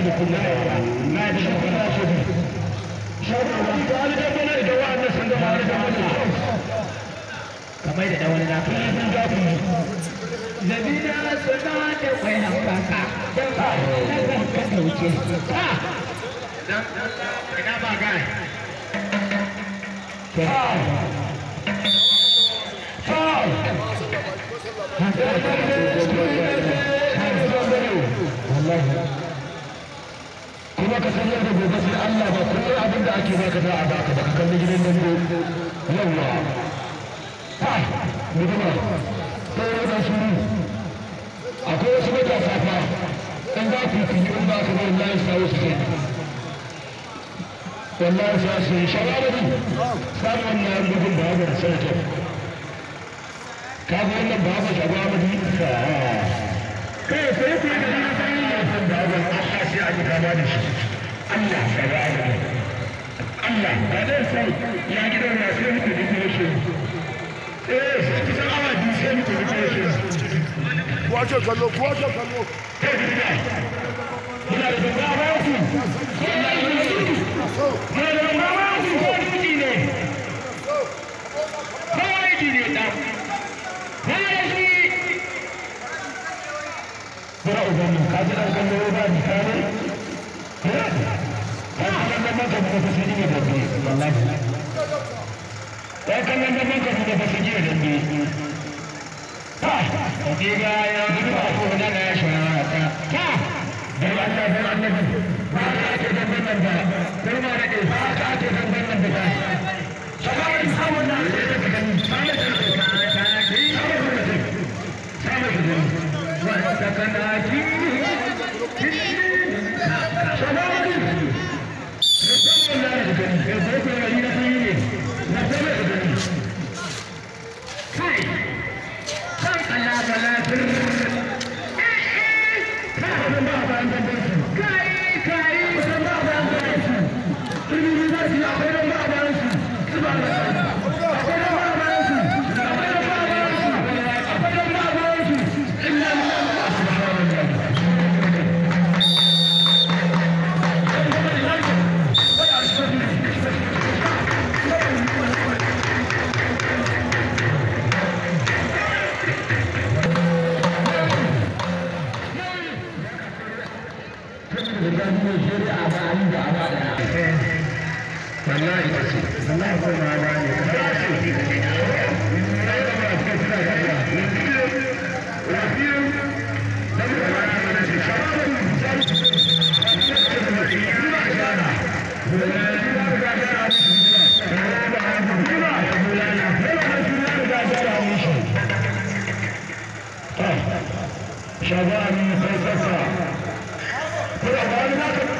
kamar da dawani na kuma yin gafi labina suna da kwayan baka da ba na ka dauke ha dan ina ba gai ha ha wallahi ka san yau da gobe sai Allah ba komai abin da ake baka za a baka ba ka kalli gidan nan ko yawa ha guduma sai ya dan shuru akwai wasu mata safa. in za ku yi in ba ka bari layin sa wasu sai wallahi sa su yi shawarari sai wannan gudun ba ga sai ta ka ga wannan ba ga shawarari ka kai sai ku da Allah sai ya san da a sai a gudana da shi Allah ka ba Allah ba zai san ya gidan na sai muku definition eh sai ki san awa biyu sai muku definition wace kallo wace kallo kai gida muna da gaba ku muna da gaba ku ko duki ne kawai ki ne ta kawai banka da fasiki ne da ke wallahi ya kallon da banka ne da ke ha diga ya mutu ba ko na na shawara ta da Allah da ya ce da banka Okay. wallahi ne ka da na شباب من خلف كل اغاني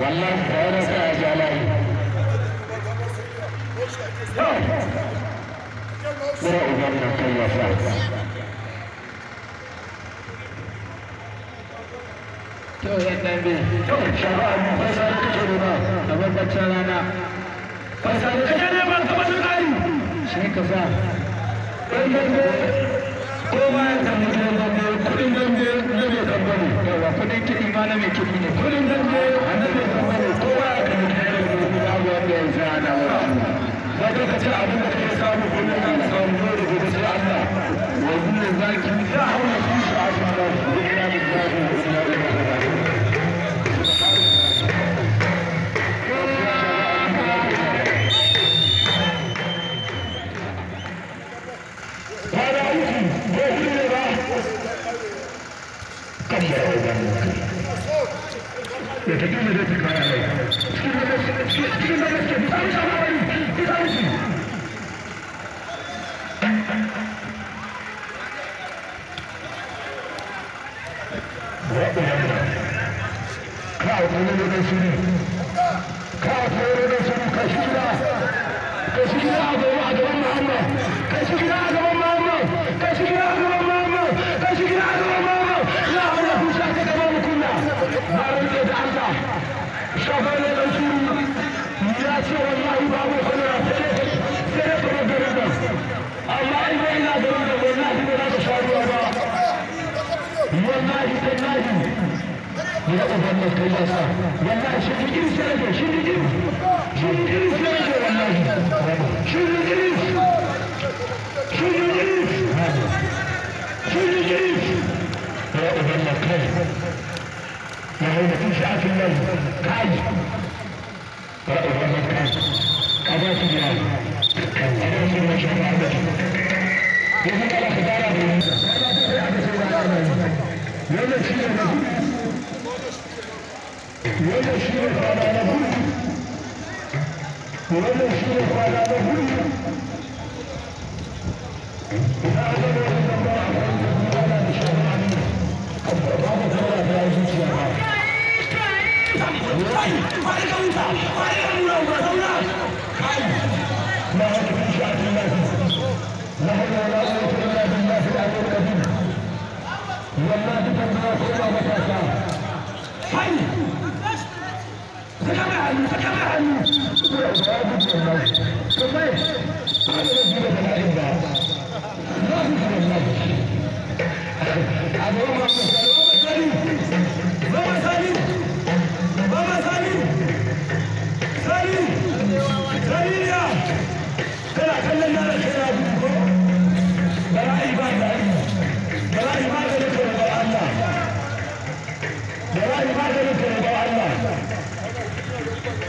wallahi tsayar ja layi mura uban na kai ya fa kyau yan dambe kyau shaba'a mu fasa da kashe a bambancin da shi dan kiɗi ba na mai kiɗi ne kullum zan je annabi kuma ne kowa ya kan kare mu babu wanda ya zana wa ba ka ce abin da kai samu kullum na samu ya tafi da zai tafi cikin da gaske bisa wuce ba wani bisa wuce Kawo kuma Mustafa Mehmet Beyzasa. Vallahi şimdi gir içeri şimdi gir. Şimdi gir içeri gir vallahi. Şimdi gir. Şimdi gir. Şimdi gir. Ya Mehmet kay. Ya Mehmet şahat Allah. Kay. Ya Mehmet kay. Kadası ya. Kadası ya şahat. Yemin Allah kadar abi. Yemin Allah kadar abi. Yemin Allah kadar abi. wannan shi ne fada na hudu wannan shi ne na a da ba zauna saka mai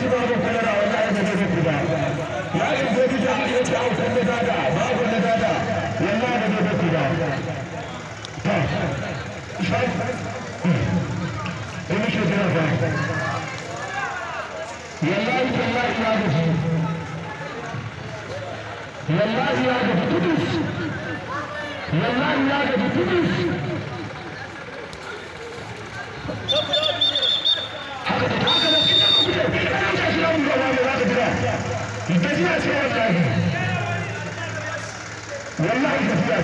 Yallah iade kudüs. Yallah iade kudüs. bari wani za ka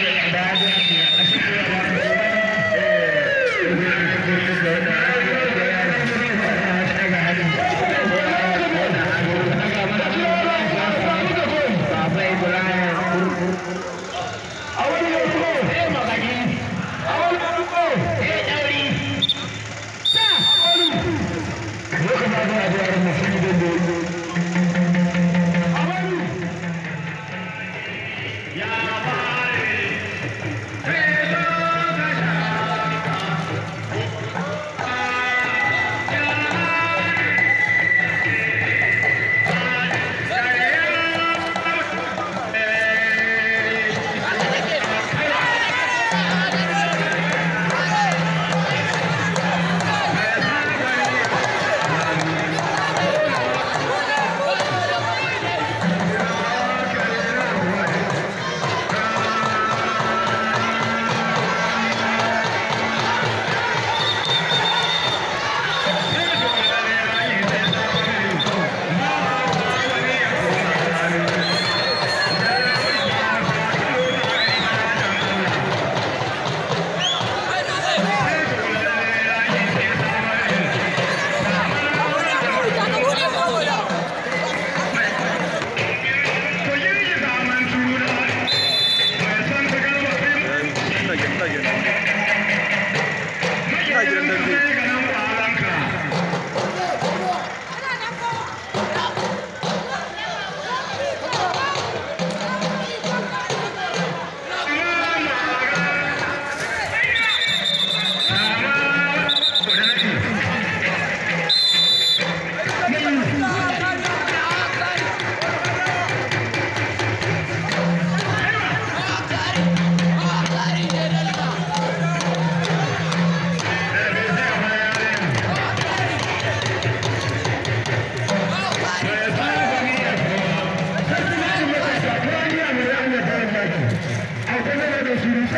jira ya ya ya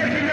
taking